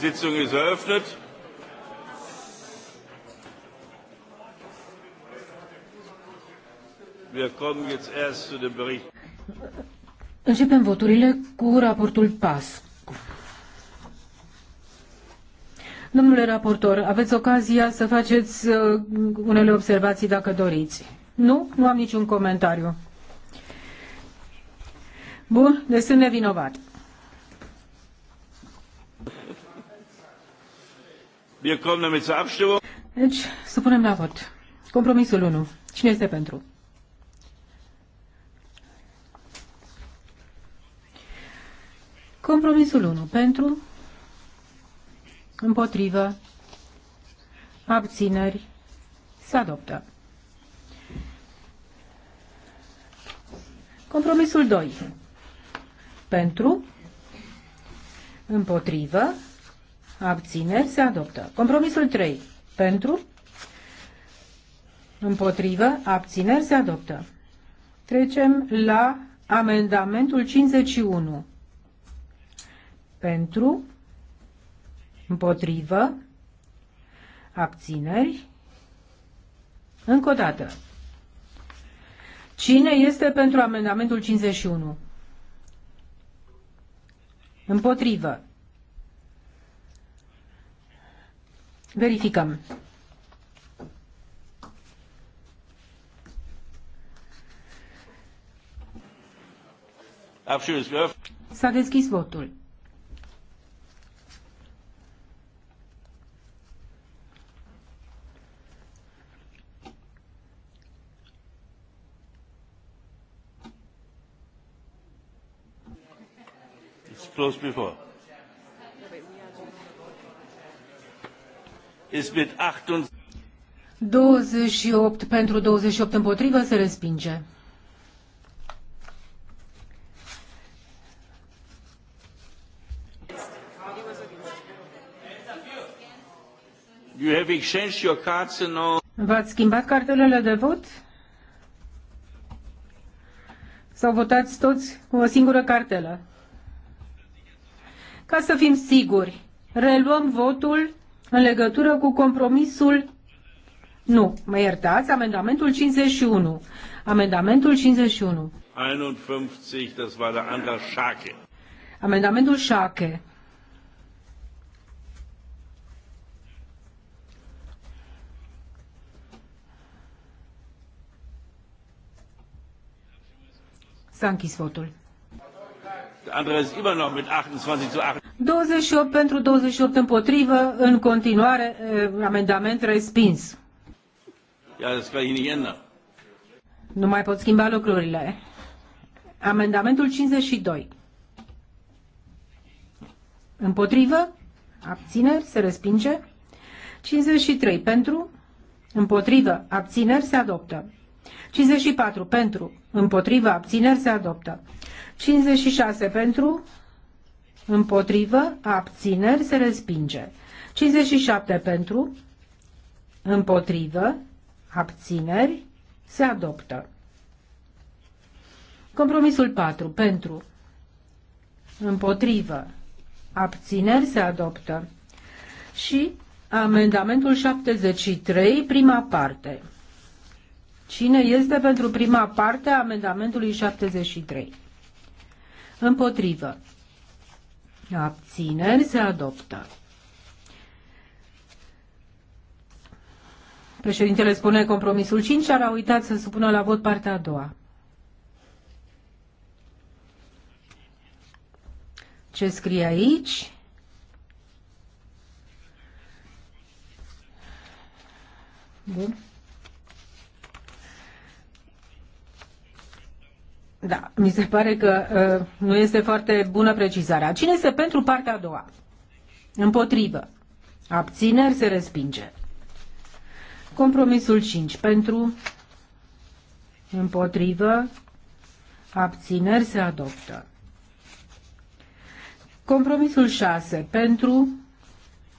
Sitzung ist eröffnet. Wir kommen jetzt erst zu dem Bericht. Începem voturile cu raportul PAS. Domnule raportor, aveți ocazia să faceți uh, unele observații dacă doriți. Nu? Nu am niciun comentariu. Bun, deci sunt nevinovat. Deci, să punem la vot. Compromisul 1. Cine este pentru? Compromisul 1. Pentru? Împotrivă? Abțineri? Se adoptă. Compromisul 2. Pentru? Împotrivă? abțineri, se adoptă. Compromisul 3, pentru, împotrivă, abțineri, se adoptă. Trecem la amendamentul 51. Pentru, împotrivă, abțineri. Încă o dată. Cine este pentru amendamentul 51? Împotrivă. Verificăm. S-a deschis votul. It's closed before. 28 28 pentru 28 împotrivă se respinge. You have exchanged your cards and all... V-ați schimbat cartelele de vot? Sau votați toți cu o singură cartelă? Ca să fim siguri, reluăm votul în legătură cu compromisul nu, mă iertați, amendamentul 51. Amendamentul 51. Amendamentul Schake. S-a închis votul. Andrei este încă immer noch mit 28 zu 8. 28 pentru 28 împotrivă, în continuare amendament respins. Nu mai pot schimba lucrurile. Amendamentul 52. Împotrivă, abțineri, se respinge. 53 pentru, împotrivă, abțineri, se adoptă. 54 pentru, împotrivă, abțineri, se adoptă. 56 pentru, împotrivă, abțineri, se respinge. 57 pentru, împotrivă, abțineri, se adoptă. Compromisul 4 pentru, împotrivă, abțineri, se adoptă. Și amendamentul 73, prima parte. Cine este pentru prima parte a amendamentului 73? Împotrivă. Abțineri se adoptă. Președintele spune compromisul 5, dar a uitat să supună la vot partea a doua. Ce scrie aici? Bun. mi se pare că uh, nu este foarte bună precizarea. Cine este pentru partea a doua? Împotrivă. Abțineri se respinge. Compromisul 5 pentru împotrivă abțineri se adoptă. Compromisul 6 pentru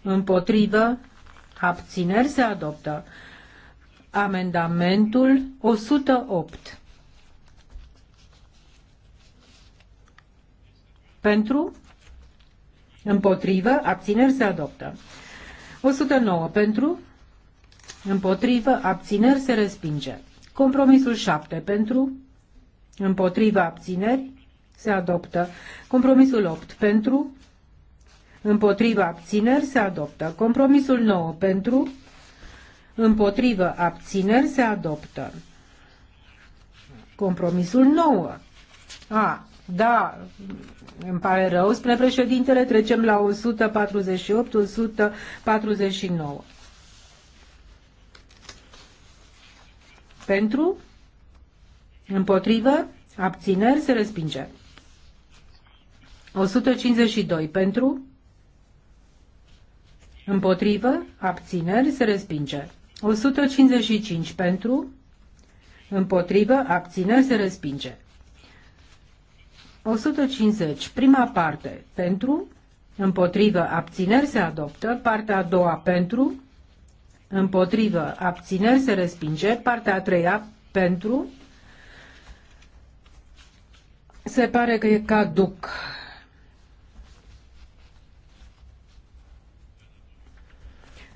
împotrivă abțineri se adoptă. Amendamentul 108 Pentru? Împotrivă? Abțineri se adoptă. 109 pentru? Împotrivă? Abțineri se respinge. Compromisul 7 pentru? Împotrivă? Abțineri se adoptă. Compromisul 8 pentru? Împotrivă? Abțineri se adoptă. Compromisul 9 pentru? Împotrivă? Abțineri se adoptă. Compromisul 9. A. Da, îmi pare rău, Spre președintele, trecem la 148, 149. Pentru? Împotrivă? Abțineri? Se respinge. 152. Pentru? Împotrivă? Abțineri? Se respinge. 155. Pentru? Împotrivă? Abțineri? Se respinge. 150. Prima parte pentru, împotrivă, abțineri se adoptă. Partea a doua pentru, împotrivă, abțineri se respinge. Partea a treia pentru, se pare că e caduc.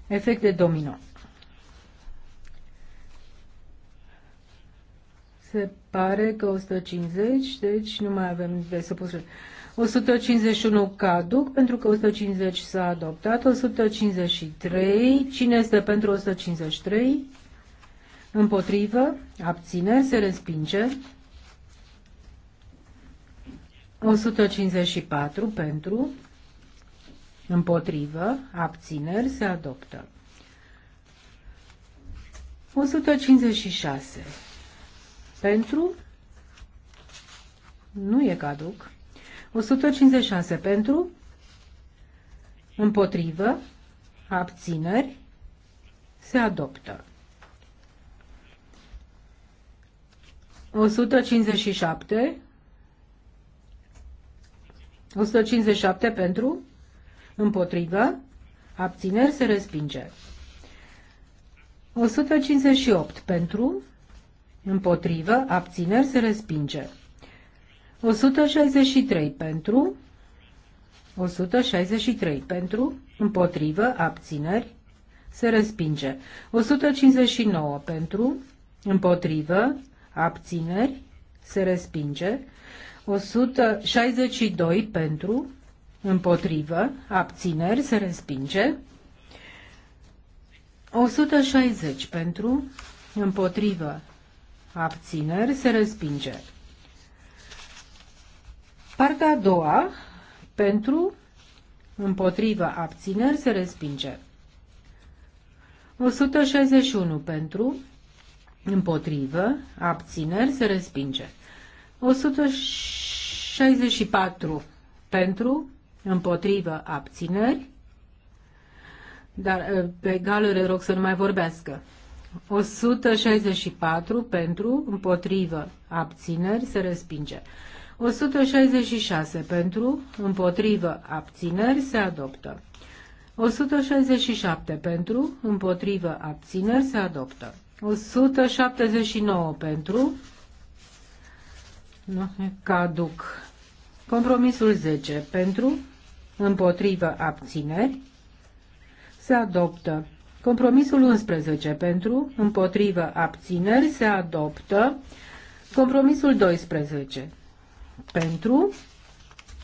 Efect de domino. se pare că 150, deci nu mai avem de supus. 151 caduc, pentru că 150 s-a adoptat, 153, cine este pentru 153? Împotrivă, abține, se respinge. 154 pentru, împotrivă, abțineri, se adoptă. 156 pentru, nu e caduc, 156 pentru, împotrivă, abțineri, se adoptă. 157 157 pentru, împotrivă, abțineri se respinge. 158 pentru, Împotrivă, abțineri se respinge. 163 pentru, 163 pentru, împotrivă, abțineri, se respinge. 159 pentru, împotrivă, abțineri, se respinge. 162 pentru, împotrivă, abțineri, se respinge. 160 pentru, împotrivă, abțineri, se respinge. Partea a doua, pentru, împotriva, abțineri, se respinge. 161 pentru, împotrivă, abțineri, se respinge. 164 pentru, împotrivă, abțineri, dar pe galere rog să nu mai vorbească. 164 pentru, împotrivă, abțineri, se respinge. 166 pentru, împotrivă, abțineri, se adoptă. 167 pentru, împotrivă, abțineri, se adoptă. 179 pentru, nu, caduc. Compromisul 10 pentru, împotrivă, abțineri, se adoptă. Compromisul 11 pentru, împotrivă, abțineri se adoptă. Compromisul 12 pentru,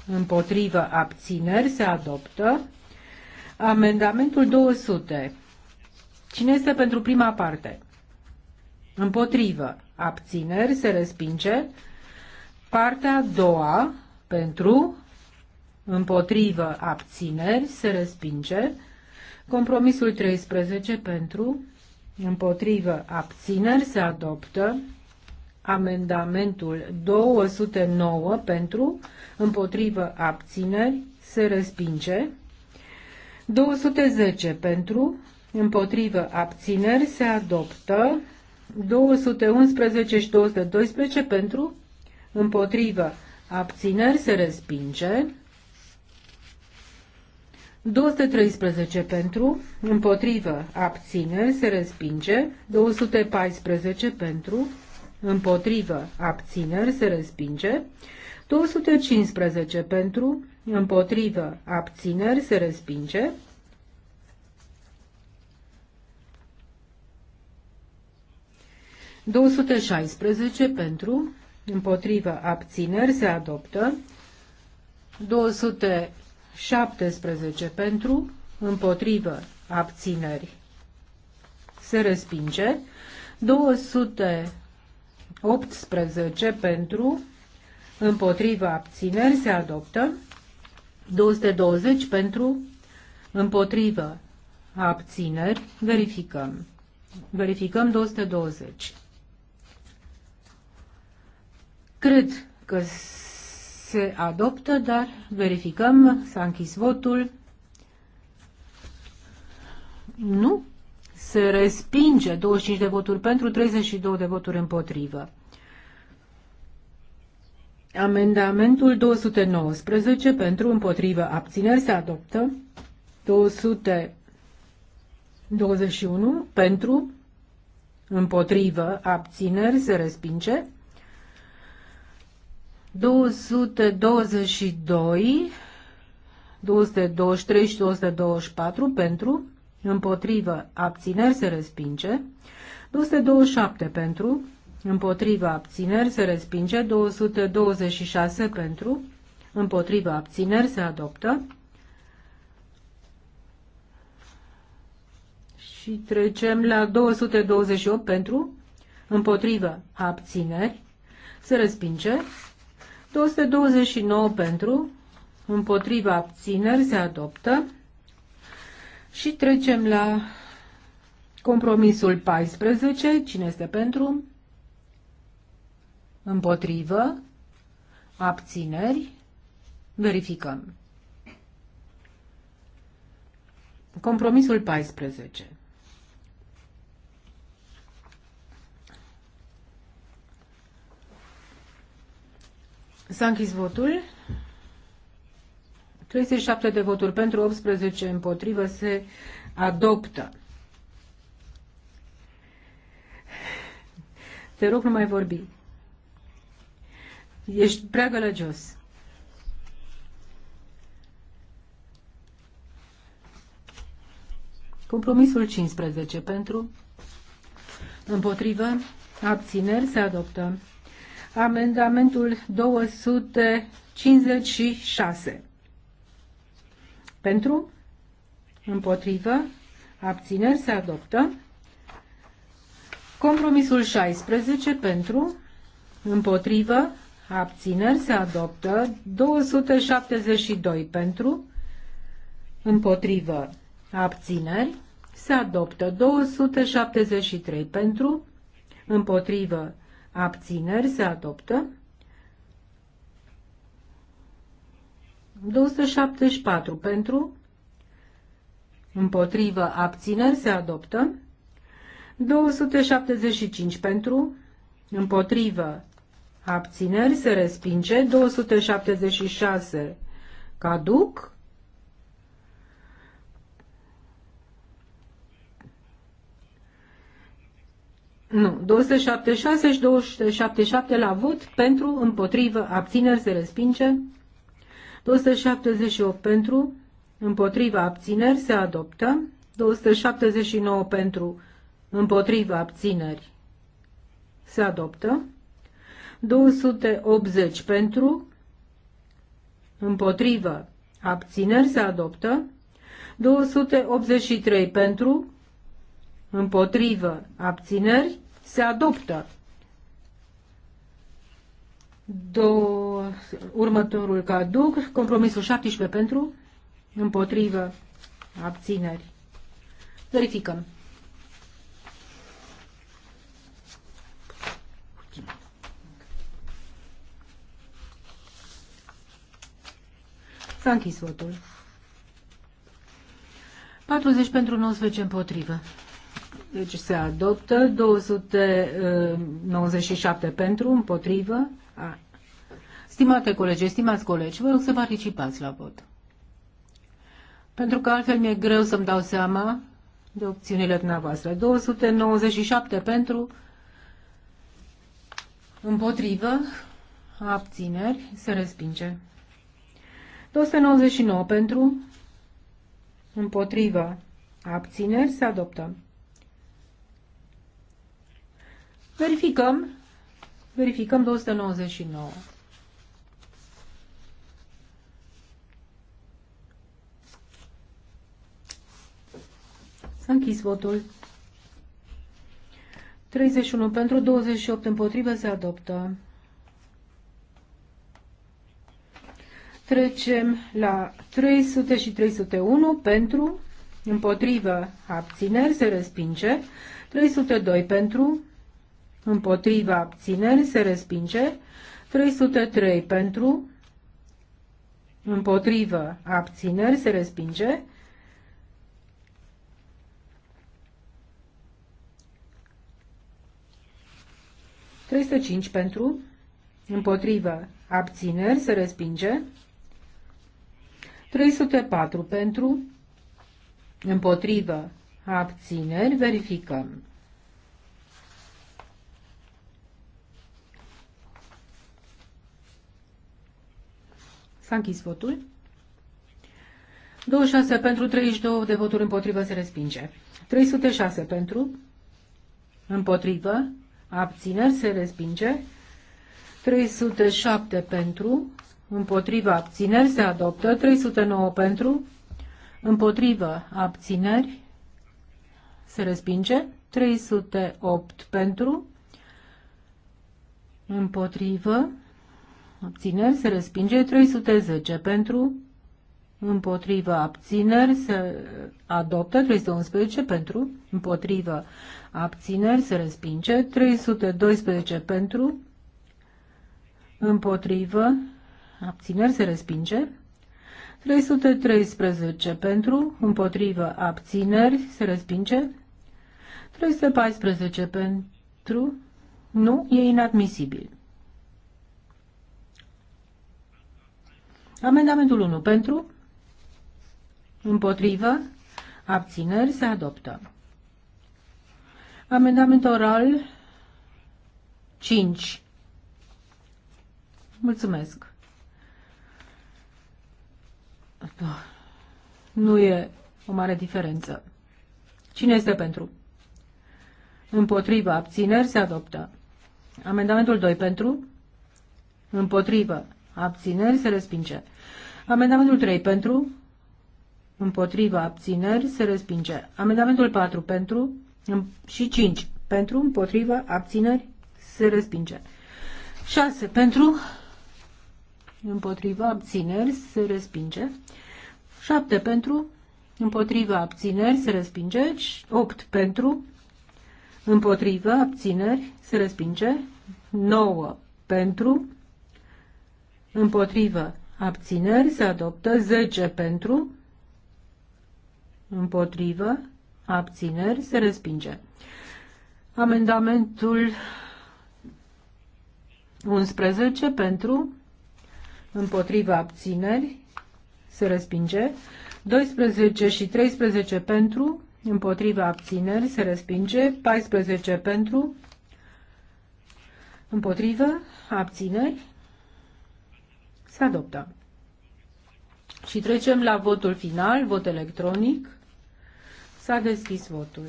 împotrivă, abțineri se adoptă. Amendamentul 200. Cine este pentru prima parte? Împotrivă, abțineri se respinge. Partea a doua pentru, împotrivă, abțineri se respinge. Compromisul 13 pentru, împotrivă, abțineri se adoptă. Amendamentul 209 pentru, împotrivă, abțineri se respinge. 210 pentru, împotrivă, abțineri se adoptă. 211 și 212 pentru, împotrivă, abțineri se respinge. 213 pentru, împotrivă, abține, se respinge. 214 pentru, împotrivă, abține, se respinge. 215 pentru, împotrivă, abține, se respinge. 216 pentru, împotrivă, abțineri, se adoptă. 200 17 pentru, împotrivă, abțineri, se respinge. 218 pentru, împotrivă, abțineri, se adoptă. 220 pentru, împotrivă, abțineri, verificăm. Verificăm 220. Cred că se adoptă, dar verificăm, s-a închis votul. Nu. Se respinge 25 de voturi pentru, 32 de voturi împotrivă. Amendamentul 219 pentru împotrivă abțineri se adoptă. 221 pentru împotrivă abțineri se respinge. 222, 223 și 224 pentru, împotrivă, abțineri se respinge, 227 pentru, împotrivă, abțineri se respinge, 226 pentru, împotrivă, abțineri se adoptă, Și trecem la 228 pentru, împotrivă, abțineri, se respinge. 229 pentru, împotriva abțineri se adoptă. Și trecem la compromisul 14. Cine este pentru? Împotrivă. Abțineri. Verificăm. Compromisul 14. S-a închis votul. 37 de voturi pentru, 18 împotrivă se adoptă. Te rog, nu mai vorbi. Ești prea gălăgios. Compromisul 15 pentru, împotrivă, abțineri se adoptă. Amendamentul 256. Pentru? Împotrivă? Abțineri se adoptă. Compromisul 16 pentru, împotrivă, abțineri se adoptă. 272 pentru, împotrivă, abțineri se adoptă. 273 pentru, împotrivă, abțineri se adoptă. 274 pentru, împotrivă, abțineri se adoptă. 275 pentru, împotrivă, abțineri se respinge. 276 caduc. Nu, 276 și 277 la vot pentru, împotrivă, abțineri se respinge. 278 pentru, împotrivă, abțineri se adoptă. 279 pentru, împotrivă, abțineri se adoptă. 280 pentru, împotrivă, abțineri se adoptă. 283 pentru, împotrivă, abțineri, se adoptă. Do următorul caduc, compromisul 17 pentru, împotrivă, abțineri. Verificăm. S-a închis votul. 40 pentru 19 împotrivă. Deci se adoptă 297 uh, pentru, împotrivă. Stimate colegi, stimați colegi, vă rog să participați la vot. Pentru că altfel mi-e greu să-mi dau seama de opțiunile dumneavoastră. 297 pentru, împotrivă, abțineri, se respinge. 299 pentru, împotrivă, abțineri, se adoptă. Verificăm. Verificăm 299. S-a închis votul. 31 pentru, 28 împotrivă, se adoptă. Trecem la 300 și 301 pentru, împotrivă, abțineri, se respinge. 302 pentru, împotriva abținerii se respinge, 303 pentru, împotriva abțineri se respinge, cinci pentru, împotriva abțineri se respinge, 304 pentru, împotriva abțineri verificăm. S-a închis votul. 26 pentru, 32 de voturi împotrivă se respinge. 306 pentru, împotrivă, abțineri se respinge. 307 pentru, împotrivă, abțineri se adoptă. 309 pentru, împotrivă, abțineri se respinge. 308 pentru, împotrivă, abțineri se respinge 310 pentru, împotrivă abțineri se adoptă 311 pentru, împotrivă abțineri se respinge 312 pentru, împotrivă abțineri se respinge 313 pentru, împotrivă abțineri se respinge 314 pentru, nu, e inadmisibil. Amendamentul 1 pentru, împotrivă, abțineri se adoptă. Amendament oral 5. Mulțumesc. Nu e o mare diferență. Cine este pentru? Împotrivă. Abțineri se adoptă. Amendamentul 2 pentru? Împotrivă abțineri, se respinge. Amendamentul 3 pentru, împotriva, abțineri, se respinge. Amendamentul 4 pentru și 5 pentru, împotriva, abțineri, se respinge. 6 pentru, împotriva, abțineri, se respinge. 7 pentru, împotriva, abțineri, se respinge. 8 pentru, împotriva, abțineri, se respinge. 9 pentru, împotrivă, abțineri, se adoptă 10 pentru, împotrivă, abțineri, se respinge. Amendamentul 11 pentru, împotrivă, abțineri, se respinge. 12 și 13 pentru, împotrivă, abțineri, se respinge, 14 pentru, împotrivă, abțineri, se adoptă. Și trecem la votul final, vot electronic. S-a deschis votul.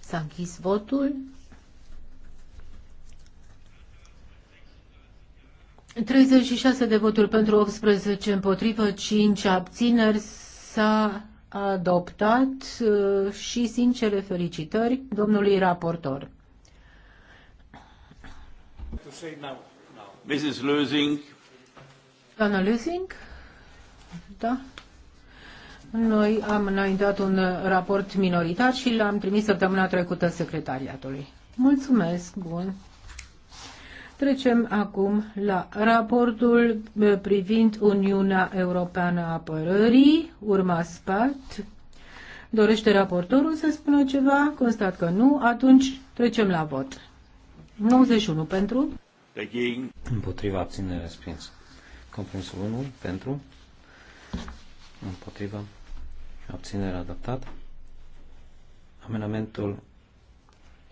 S-a închis votul. 36 de voturi pentru 18 împotrivă, 5 abțineri. S-a adoptat uh, și sincere felicitări domnului raportor. Mrs. Lösing. Doamna Lösing? Da. Noi am înaintat un raport minoritar și l-am trimis săptămâna trecută secretariatului. Mulțumesc, bun. Trecem acum la raportul eh, privind Uniunea Europeană a Apărării, urma spart. Dorește raportorul să spună ceva? Constat că nu. Atunci trecem la vot. 91 pentru. Împotriva abținere respins. Compromisul 1 pentru. Împotriva abținere adaptat. Amenamentul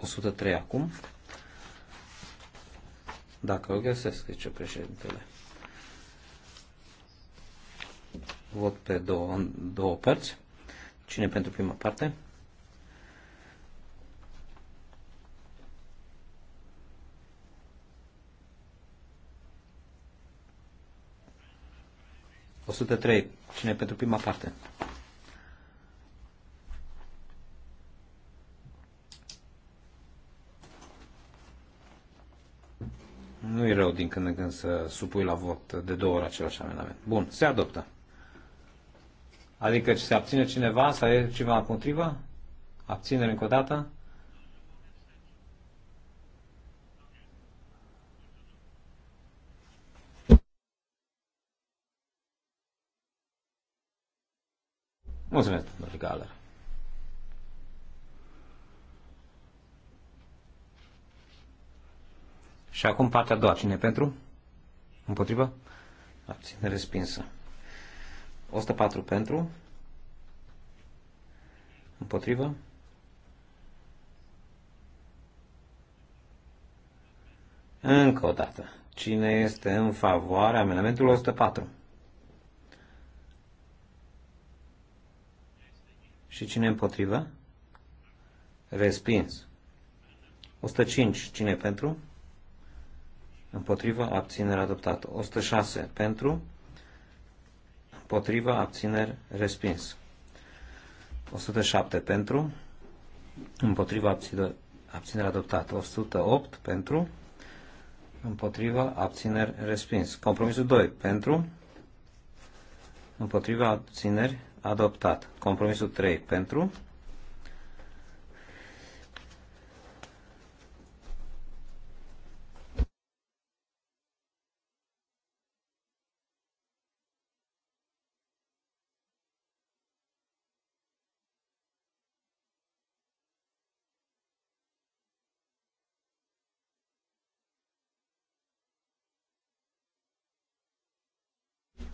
103 acum dacă o găsesc, zice președintele. Vot pe două, în două părți. Cine pentru prima parte? O sută trei. Cine pentru prima parte? nu e rău din când în când să supui la vot de două ori același amendament. Bun, se adoptă. Adică se abține cineva, să e ceva împotrivă? Abținere încă o dată? Mulțumesc, domnule Galer. Și acum partea a doua. Cine pentru? Împotrivă? Abține respinsă. 104 pentru. Împotrivă? Încă o dată. Cine este în favoarea amendamentului 104? Și cine împotrivă? Respins. 105. Cine pentru? împotriva abțineri adoptat. 106 pentru, împotriva abțineri respins. 107 pentru, împotriva abțineri, adoptat. 108 pentru, împotriva abțineri respins. Compromisul 2 pentru, împotriva abțineri adoptat. Compromisul 3 pentru,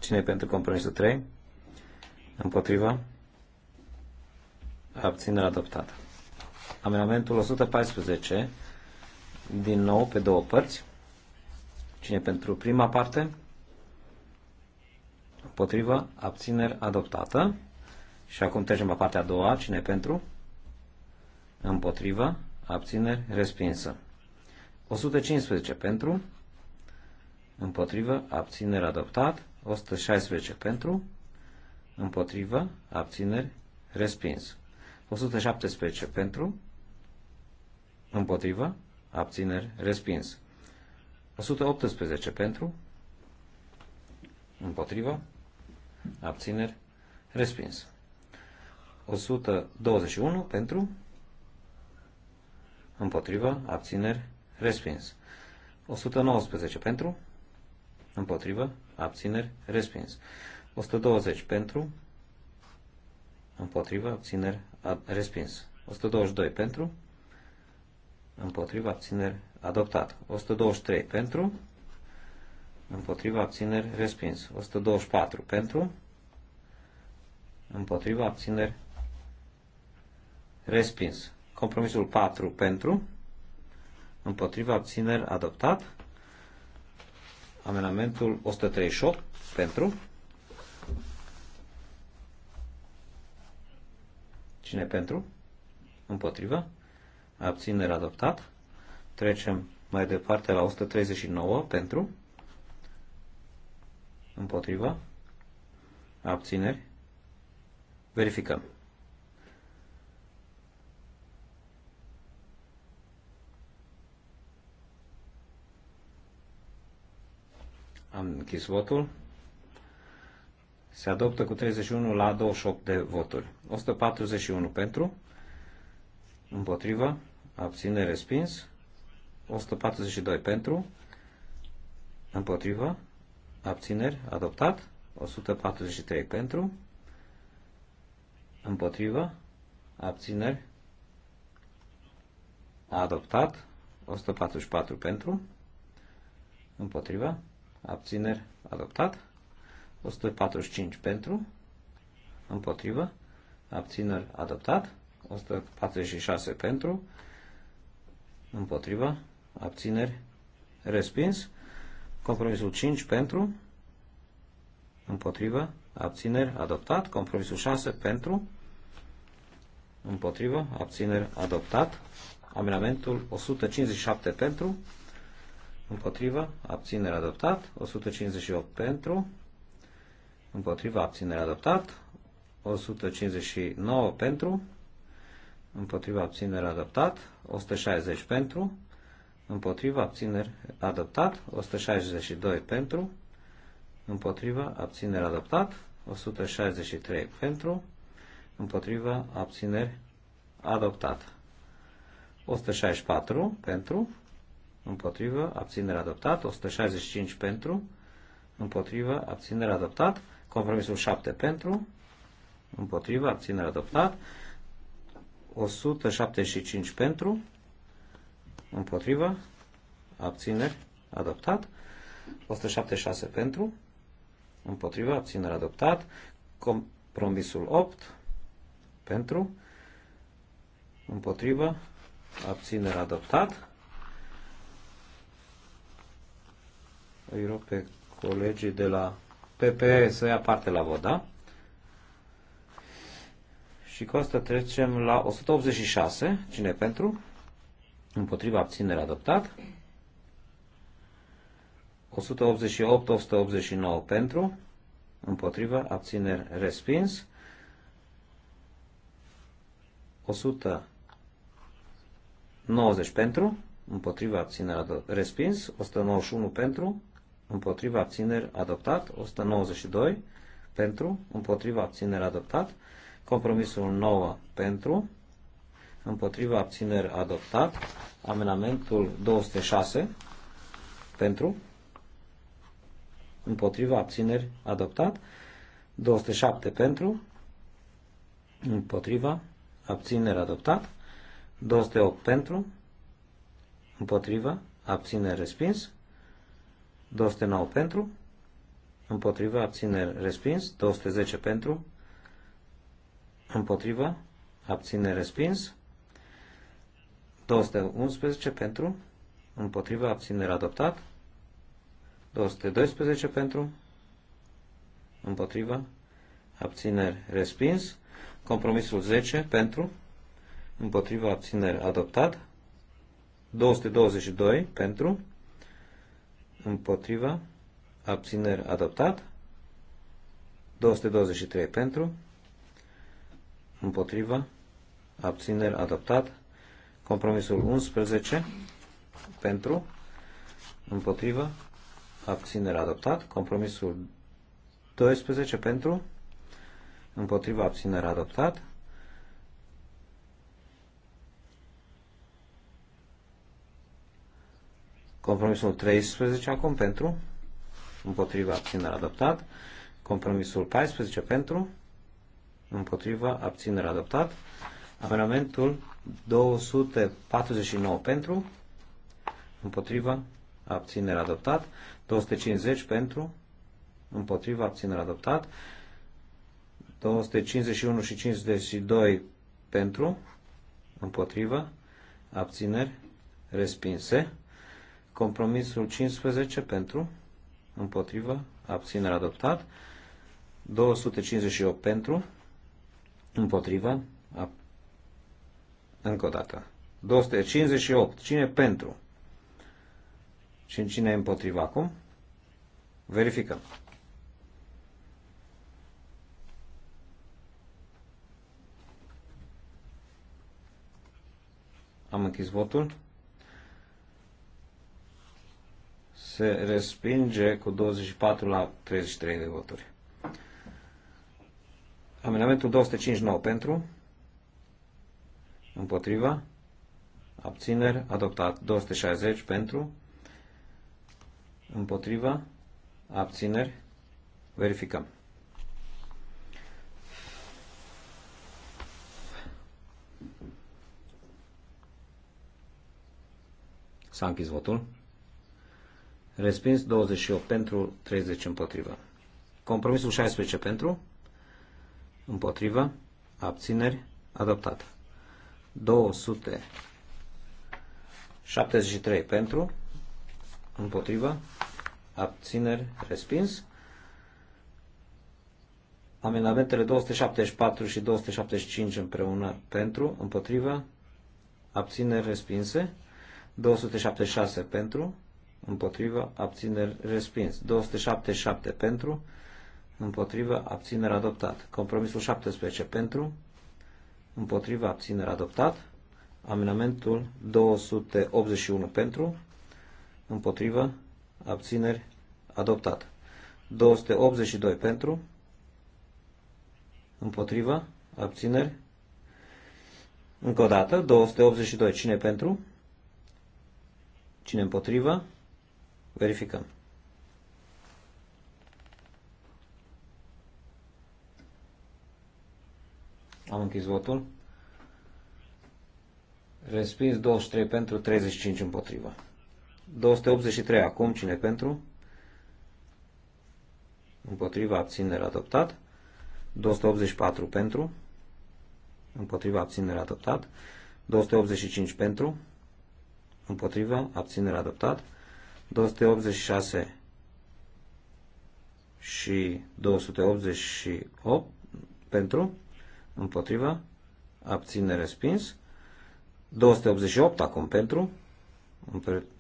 Cine pentru compromisul 3? Împotriva? Abținere adoptată. Amendamentul 114, din nou pe două părți. Cine pentru prima parte? Împotriva? Abținere adoptată. Și acum trecem la partea a doua. Cine pentru? Împotriva? Abținere respinsă. 115 pentru, împotrivă, abținere adoptat. 116 pentru, împotrivă, abțineri, respins. 117 pentru, împotrivă, abțineri, respins. 118 pentru, împotrivă, abțineri, respins. 121 pentru, împotrivă, abțineri, respins. 119 pentru, împotrivă, abțineri, respins. 120 pentru, împotriva, abțineri, ab, respins. 122 pentru, împotriva, abțineri, adoptat. 123 pentru, împotriva, abțineri, respins. 124 pentru, împotriva, abțineri, respins. Compromisul 4 pentru, împotriva, abțineri, adoptat. Amenamentul 138 pentru. Cine pentru? Împotrivă. Abținere adoptat. Trecem mai departe la 139 pentru. Împotrivă. Abțineri. Verificăm. Am închis votul. Se adoptă cu 31 la 28 de voturi. 141 pentru, împotrivă, abține respins. 142 pentru, împotrivă, abțineri, adoptat. 143 pentru, împotrivă, abțineri, adoptat. 144 pentru, împotriva, abțineri, adoptat. 145 pentru, împotrivă, abțineri, adoptat. 146 pentru, împotrivă, abțineri, respins. Compromisul 5 pentru, împotrivă, abțineri, adoptat. Compromisul 6 pentru, împotrivă, abțineri, adoptat. Amendamentul 157 pentru, Împotrivă, abținere adoptat, 158 pentru, împotrivă, abținere adoptat, 159 pentru, împotrivă, abținere adoptat, 160 pentru, împotrivă, abținere adoptat, 162 pentru, împotrivă, abținere adoptat, 163 pentru, împotrivă, abținere adoptat. 164 pentru, împotrivă, abținere adoptat, 165 pentru, împotrivă, abținere adoptat, compromisul 7 pentru, împotrivă, abținere adoptat, 175 pentru, împotrivă, abținere adoptat, 176 pentru, împotrivă, abținere adoptat, compromisul 8 pentru, împotrivă, abținere adoptat, Îi rog pe colegii de la PPE să ia parte la vot, da? Și cu asta trecem la 186. Cine pentru? Împotriva abținere adoptat. 188, 189 pentru. Împotriva abțineri respins. 190 pentru. Împotriva abținere respins. 191 pentru împotriva abțineri adoptat, 192 pentru, împotriva abțineri adoptat, compromisul 9 pentru, împotriva abțineri adoptat, amenamentul 206 pentru, împotriva abțineri adoptat, 207 pentru, împotriva abțineri adoptat, 208 pentru, împotriva abțineri respins, 209 pentru, împotriva, abțineri, respins, 210 pentru, împotriva, abțineri, respins, 211 pentru, împotriva, abțineri, adoptat, 212 pentru, împotriva, abțineri, respins, compromisul 10 pentru, împotriva, abțineri, adoptat, 222 pentru, împotriva, abțineri adoptat, 223 pentru, împotriva, abțineri adoptat, compromisul 11 pentru, împotriva, abțineri adoptat, compromisul 12 pentru, împotriva abțineri adoptat, Compromisul 13 acum pentru, împotriva abținere adoptat. Compromisul 14 pentru, împotriva abținere adoptat. Amendamentul 249 pentru, împotriva abținere adoptat. 250 pentru, împotriva abținere adoptat. 251 și 52 pentru, împotriva, abțineri, respinse. Compromisul 15 pentru, împotrivă, abținere adoptat. 258 pentru, împotrivă, ab... încă o dată. 258. Cine pentru? Și cine împotrivă împotriva acum? Verificăm. Am închis votul. se respinge cu 24 la 33 de voturi. Amendamentul 259 pentru, împotriva, abțineri, adoptat. 260 pentru, împotriva, abțineri, verificăm. S-a închis votul. Respins 28 pentru, 30 împotrivă. Compromisul 16 pentru, împotrivă, abțineri, adoptat. 273 pentru, împotrivă, abțineri, respins. Amendamentele 274 și 275 împreună pentru, împotrivă, abțineri, respinse. 276 pentru, împotrivă, abțineri, respins. 277 pentru, împotrivă, abțineri, adoptat. Compromisul 17 pentru, împotrivă, abțineri, adoptat. Amendamentul 281 pentru, împotrivă, abțineri, adoptat. 282 pentru, împotrivă, abțineri. Încă o dată, 282, cine pentru? Cine împotrivă? Verificăm. Am închis votul. Respins 23 pentru, 35 împotriva. 283 acum, cine pentru? Împotriva abținere adoptat. 284 pentru. Împotriva abținere adoptat. 285 pentru. Împotriva abținere adoptat. 286 și 288 pentru, împotriva, abține respins. 288 acum pentru,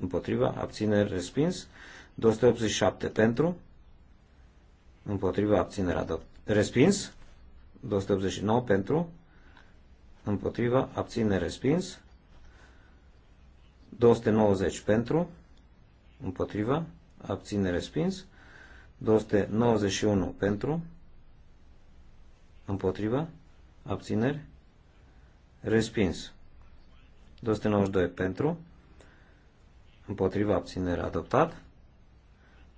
împotriva, abține respins. 287 pentru, împotriva, abține respins. 289 pentru, împotriva, abține respins. 290 pentru, împotriva, abține respins, 291 pentru, împotriva, abțineri, respins, 292 pentru, împotriva, abținere, adoptat,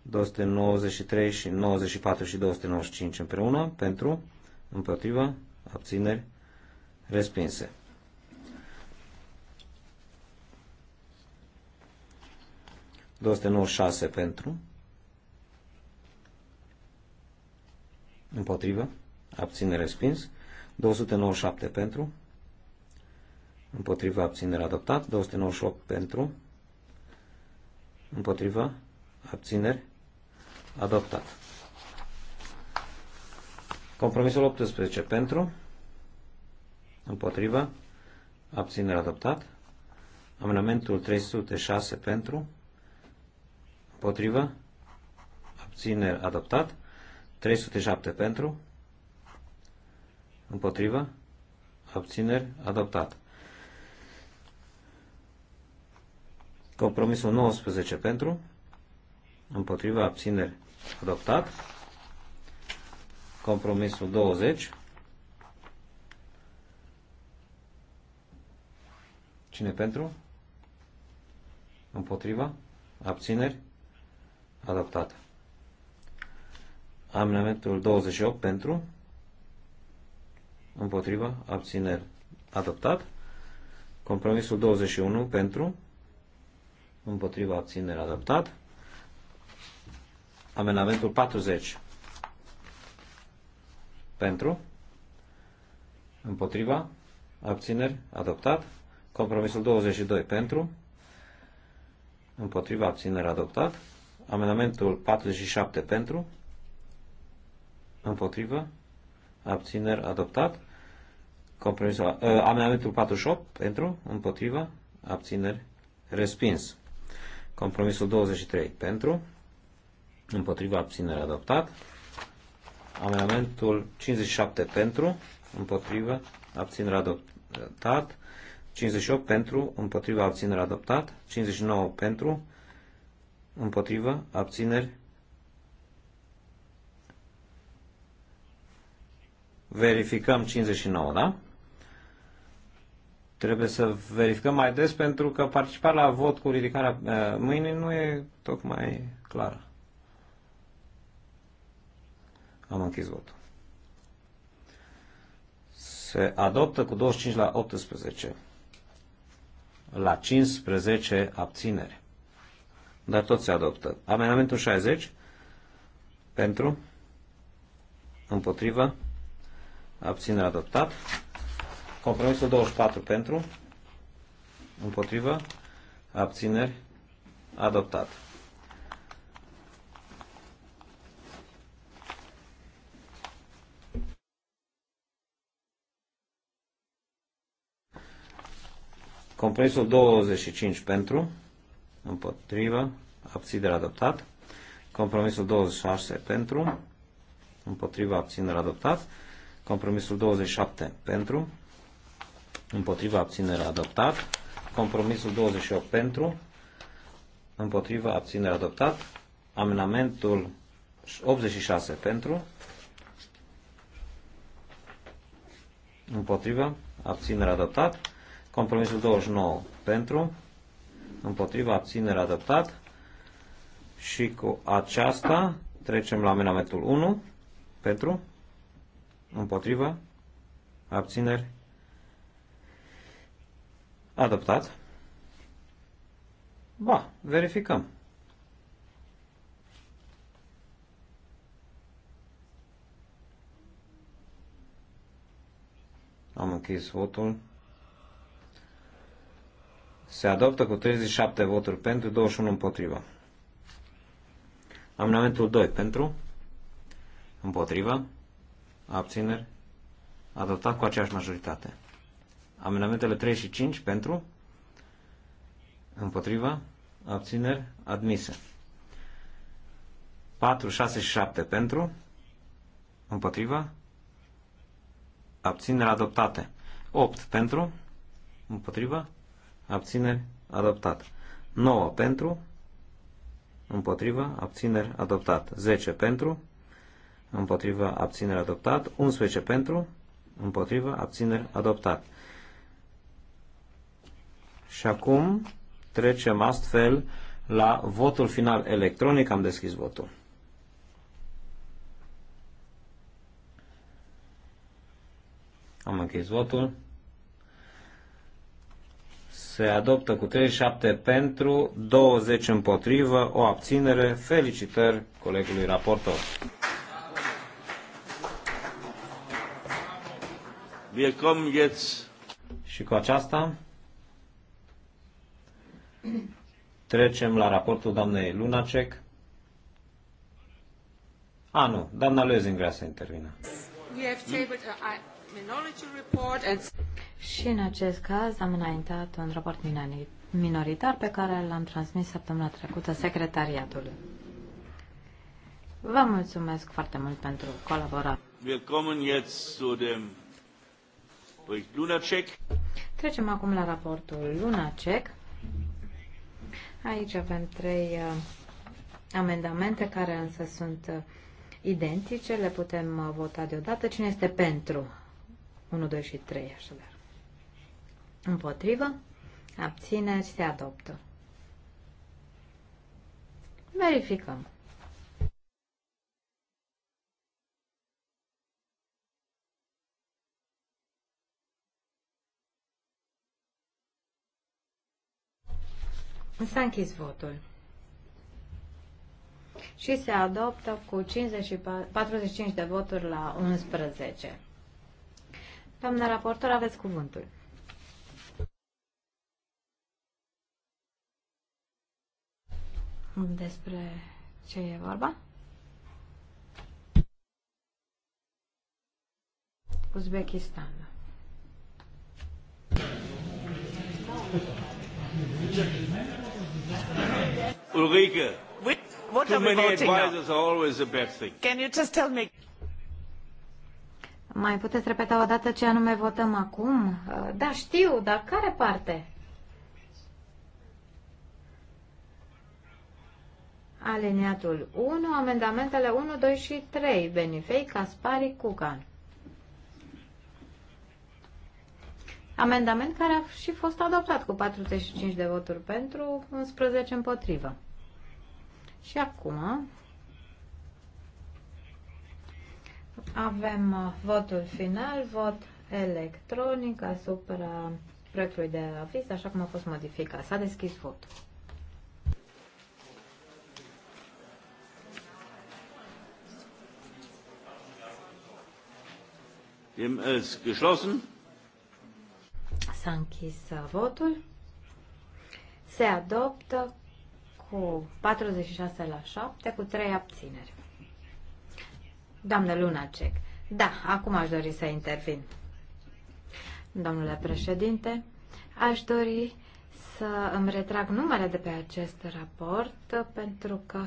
293 și 94 și 295 împreună, pentru, împotriva, abțineri, respinse. 296 pentru, împotrivă, abține respins, 297 pentru, împotrivă, abținere adoptat, 298 pentru, împotrivă, abțineri, adoptat. Compromisul 18 pentru, împotrivă, abținere adoptat, amendamentul 306 pentru, Potrivă. Abțineri adoptat. 307 pentru. Împotrivă. Abțineri adoptat. Compromisul 19 pentru. Împotrivă. Abțineri adoptat. Compromisul 20. Cine pentru? Împotriva? Abțineri? Adaptată. Amendamentul 28 pentru. împotriva Abțineri. Adoptat. Compromisul 21 pentru. Împotriva abțineri adoptat. Amendamentul 40 pentru. Împotriva. Abțineri. Adoptat. Compromisul 22 pentru. Împotriva abțineri adoptat. Amendamentul 47 pentru, împotrivă, abțineri adoptat. Compromisul, uh, amendamentul 48 pentru, împotrivă, abțineri respins. Compromisul 23 pentru, împotrivă, Abțineri adoptat. Amendamentul 57 pentru, împotrivă, Abțineri adoptat. 58 pentru, împotrivă, Abțineri adoptat. 59 pentru, împotrivă, abțineri. Verificăm 59, da? Trebuie să verificăm mai des pentru că participarea la vot cu ridicarea uh, mâinii nu e tocmai clară. Am închis votul. Se adoptă cu 25 la 18 la 15 abțineri dar tot se adoptă. Amendamentul 60 pentru, împotrivă, abținere adoptat. Compromisul 24 pentru, împotrivă, abțineri adoptat. Compromisul 25 pentru, împotrivă, abținere adoptat. Compromisul 26 pentru, împotrivă, abținere adoptat. Compromisul 27 pentru, împotrivă, abținere adoptat. Compromisul 28 pentru, împotrivă, abținere adoptat. Amenamentul 86 pentru, împotrivă, abținere adoptat. Compromisul 29 pentru, împotriva, abținere adoptat. Și cu aceasta trecem la amenamentul 1, pentru, împotriva, abțineri, adoptat. Ba, verificăm. Am închis votul. Se adoptă cu 37 voturi pentru, 21 împotriva. Amendamentul 2 pentru, împotriva, abțineri, adoptat cu aceeași majoritate. Amendamentele 3 și 5 pentru, împotriva, abțineri, admise. 4, 6 și 7 pentru, împotriva, abțineri adoptate. 8 pentru, împotriva, abțineri, adoptat. 9 pentru, împotrivă, abțineri, adoptat. 10 pentru, împotrivă, abțineri, adoptat. 11 pentru, împotrivă, abțineri, adoptat. Și acum trecem astfel la votul final electronic. Am deschis votul. Am închis votul se adoptă cu 37 pentru, 20 împotrivă, o abținere. Felicitări colegului raportor. Și cu aceasta trecem la raportul doamnei Lunacek. A, nu, doamna Lezing vrea să intervină. We have tabled a minority report and... Și în acest caz am înaintat un raport minoritar pe care l-am transmis săptămâna trecută secretariatului. Vă mulțumesc foarte mult pentru colaborare. Wir jetzt zu dem Lunacek. Trecem acum la raportul Lunacek. Aici avem trei uh, amendamente care însă sunt uh, identice, le putem uh, vota deodată. Cine este pentru? 1, 2 și 3, așadar. Împotrivă. Abțineri se adoptă. Verificăm. S-a închis votul. Și se adoptă cu 54, 45 de voturi la 11. Doamna raportor, aveți cuvântul. despre ce e vorba. Uzbekistan. Ulrike, With, what too are many advisors are always a bad thing. Can you just tell me? Mai puteți repeta o dată ce anume votăm acum? Da, știu, dar care parte? Aliniatul 1, amendamentele 1, 2 și 3, Benifei, Caspari, Cucan. Amendament care a și fost adoptat cu 45 de voturi pentru, 11 împotrivă. Și acum avem uh, votul final, vot electronic asupra proiectului de aviz, așa cum a fost modificat. S-a deschis votul. Äh, geschlossen. S-a închis uh, votul. Se adoptă cu 46 la 7, cu 3 abțineri. Doamnă Lunacek, da, acum aș dori să intervin. Domnule președinte, aș dori să îmi retrag numele de pe acest raport uh, pentru că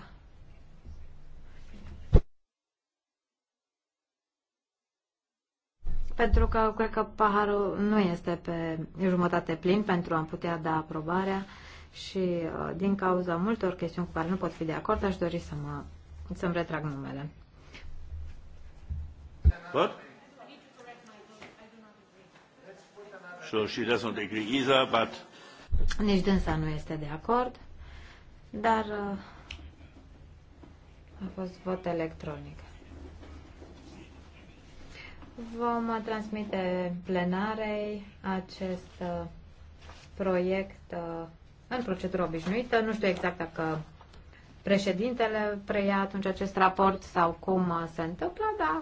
pentru că cred că paharul nu este pe jumătate plin pentru a putea da aprobarea și uh, din cauza multor chestiuni cu care nu pot fi de acord, aș dori să mă, să-mi retrag numele. What? So she doesn't agree either, but... Nici dânsa nu este de acord, dar uh, a fost vot electronic. Vom transmite plenarei acest uh, proiect uh, în procedură obișnuită. Nu știu exact dacă președintele preia atunci acest raport sau cum uh, se întâmplă, dar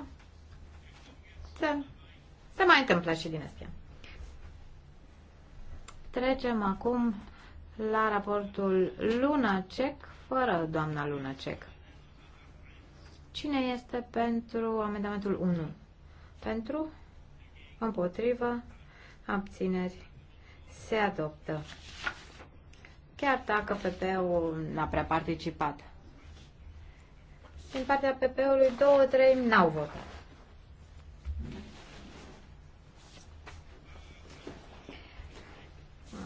se, se mai întâmplă și din astea. Trecem acum la raportul Lunacek fără doamna Lunacek. Cine este pentru amendamentul 1? Pentru, împotrivă, abțineri, se adoptă. Chiar dacă PP-ul n-a prea participat. Din partea PP-ului, două, trei n-au votat.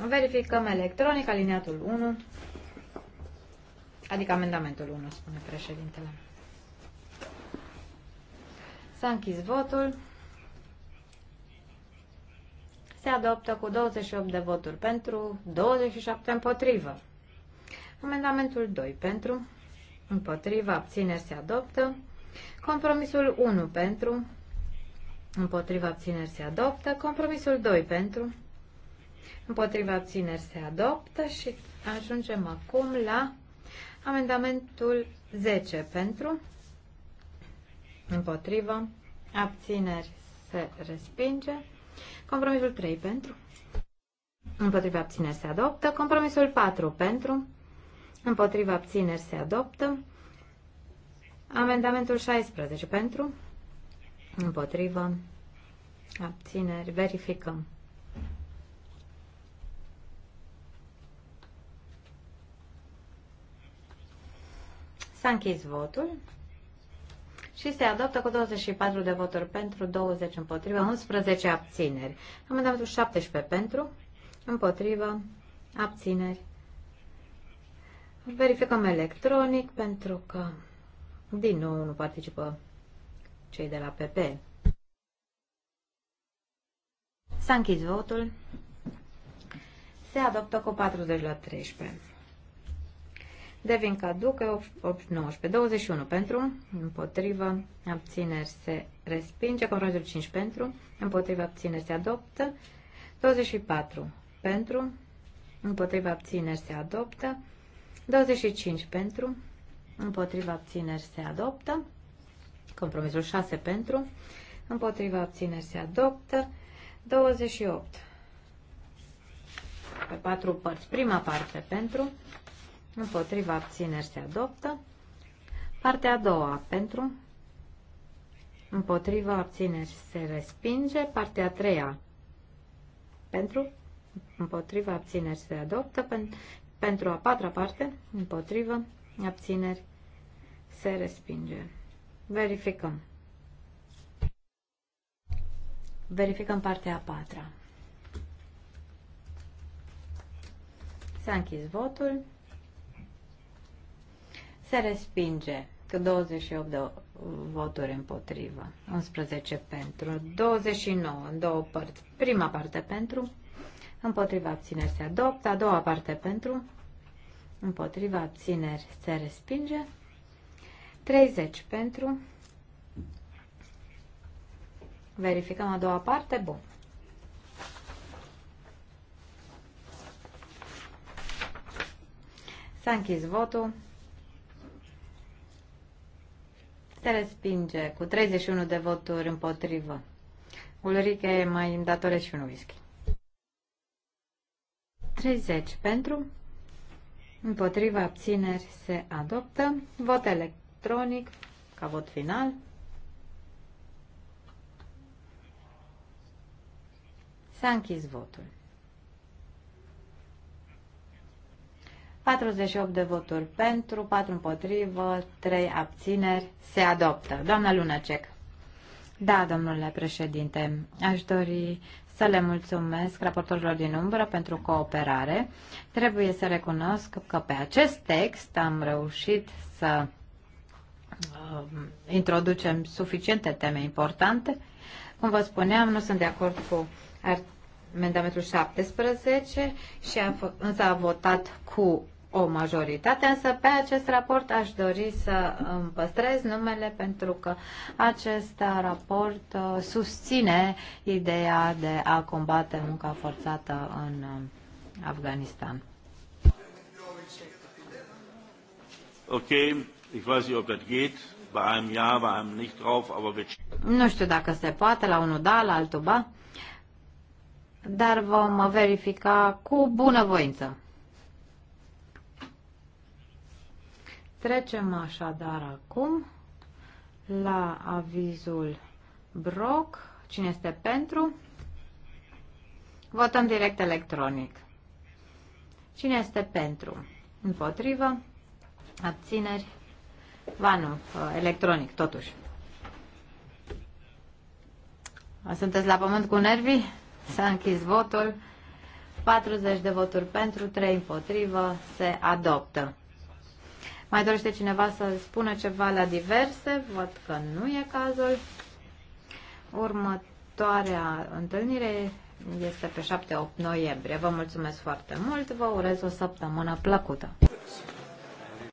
Verificăm electronic, aliniatul 1, adică amendamentul 1, spune președintele. S-a închis votul. Se adoptă cu 28 de voturi pentru, 27 împotrivă. Amendamentul 2 pentru, împotrivă, abțineri se adoptă. Compromisul 1 pentru, împotrivă, abțineri se adoptă. Compromisul 2 pentru, împotrivă, abțineri se adoptă și ajungem acum la amendamentul 10 pentru, împotrivă, abțineri se respinge. Compromisul 3 pentru, împotriva abțineri se adoptă. Compromisul 4 pentru, împotriva abțineri se adoptă. Amendamentul 16 pentru, împotrivă, abțineri, verificăm. S-a închis votul și se adoptă cu 24 de voturi pentru, 20 împotriva, 11 abțineri. Am dat 17 pentru, împotriva, abțineri. Verificăm electronic pentru că din nou nu participă cei de la PP. S-a închis votul. Se adoptă cu 40 la 13 devin caducă 8, 19, 21 pentru, împotrivă, abțineri se respinge, compromisul 5 pentru, împotrivă, abțineri se adoptă, 24 pentru, împotrivă, abțineri se adoptă, 25 pentru, împotrivă, abțineri se adoptă, compromisul 6 pentru, împotrivă, abțineri se adoptă, 28 pe patru părți. Prima parte pentru, împotriva abțineri se adoptă. Partea a doua pentru, împotriva abțineri se respinge. Partea a treia pentru, împotriva abțineri se adoptă. Pen, pentru a patra parte, împotriva abțineri se respinge. Verificăm. Verificăm partea a patra. S-a închis votul se respinge cu 28 de voturi împotrivă, 11 pentru, 29 în două părți. Prima parte pentru, împotriva abțineri se adoptă, a doua parte pentru, împotriva abțineri se respinge, 30 pentru, verificăm a doua parte, bun. S-a închis votul. se respinge cu 31 de voturi împotrivă. Ulrike mai îmi datore și un whisky. 30 pentru, împotriva abțineri se adoptă, vot electronic ca vot final. S-a închis votul. 48 de voturi pentru, 4 împotrivă, 3 abțineri. Se adoptă. Doamna Lunacek. Da, domnule președinte, aș dori să le mulțumesc raportorilor din umbră pentru cooperare. Trebuie să recunosc că pe acest text am reușit să um, introducem suficiente teme importante. Cum vă spuneam, nu sunt de acord cu amendamentul 17, și am însă a votat cu o majoritate, însă pe acest raport aș dori să îmi păstrez numele pentru că acest raport uh, susține ideea de a combate munca forțată în uh, Afganistan. Ok, ich weiß nicht, ob das geht. Bei einem ja, bei einem nicht drauf, aber wir... Nu știu dacă se poate, la unul da, la altul ba, dar vom verifica cu bună voință. Trecem așadar acum la avizul Brock. Cine este pentru? Votăm direct electronic. Cine este pentru? Împotrivă? Abțineri? Va nu, electronic, totuși. Sunteți la pământ cu nervii? S-a închis votul. 40 de voturi pentru, 3 împotrivă, se adoptă. Mai dorește cineva să spună ceva la diverse? Văd că nu e cazul. Următoarea întâlnire este pe 7-8 noiembrie. Vă mulțumesc foarte mult, vă urez o săptămână plăcută!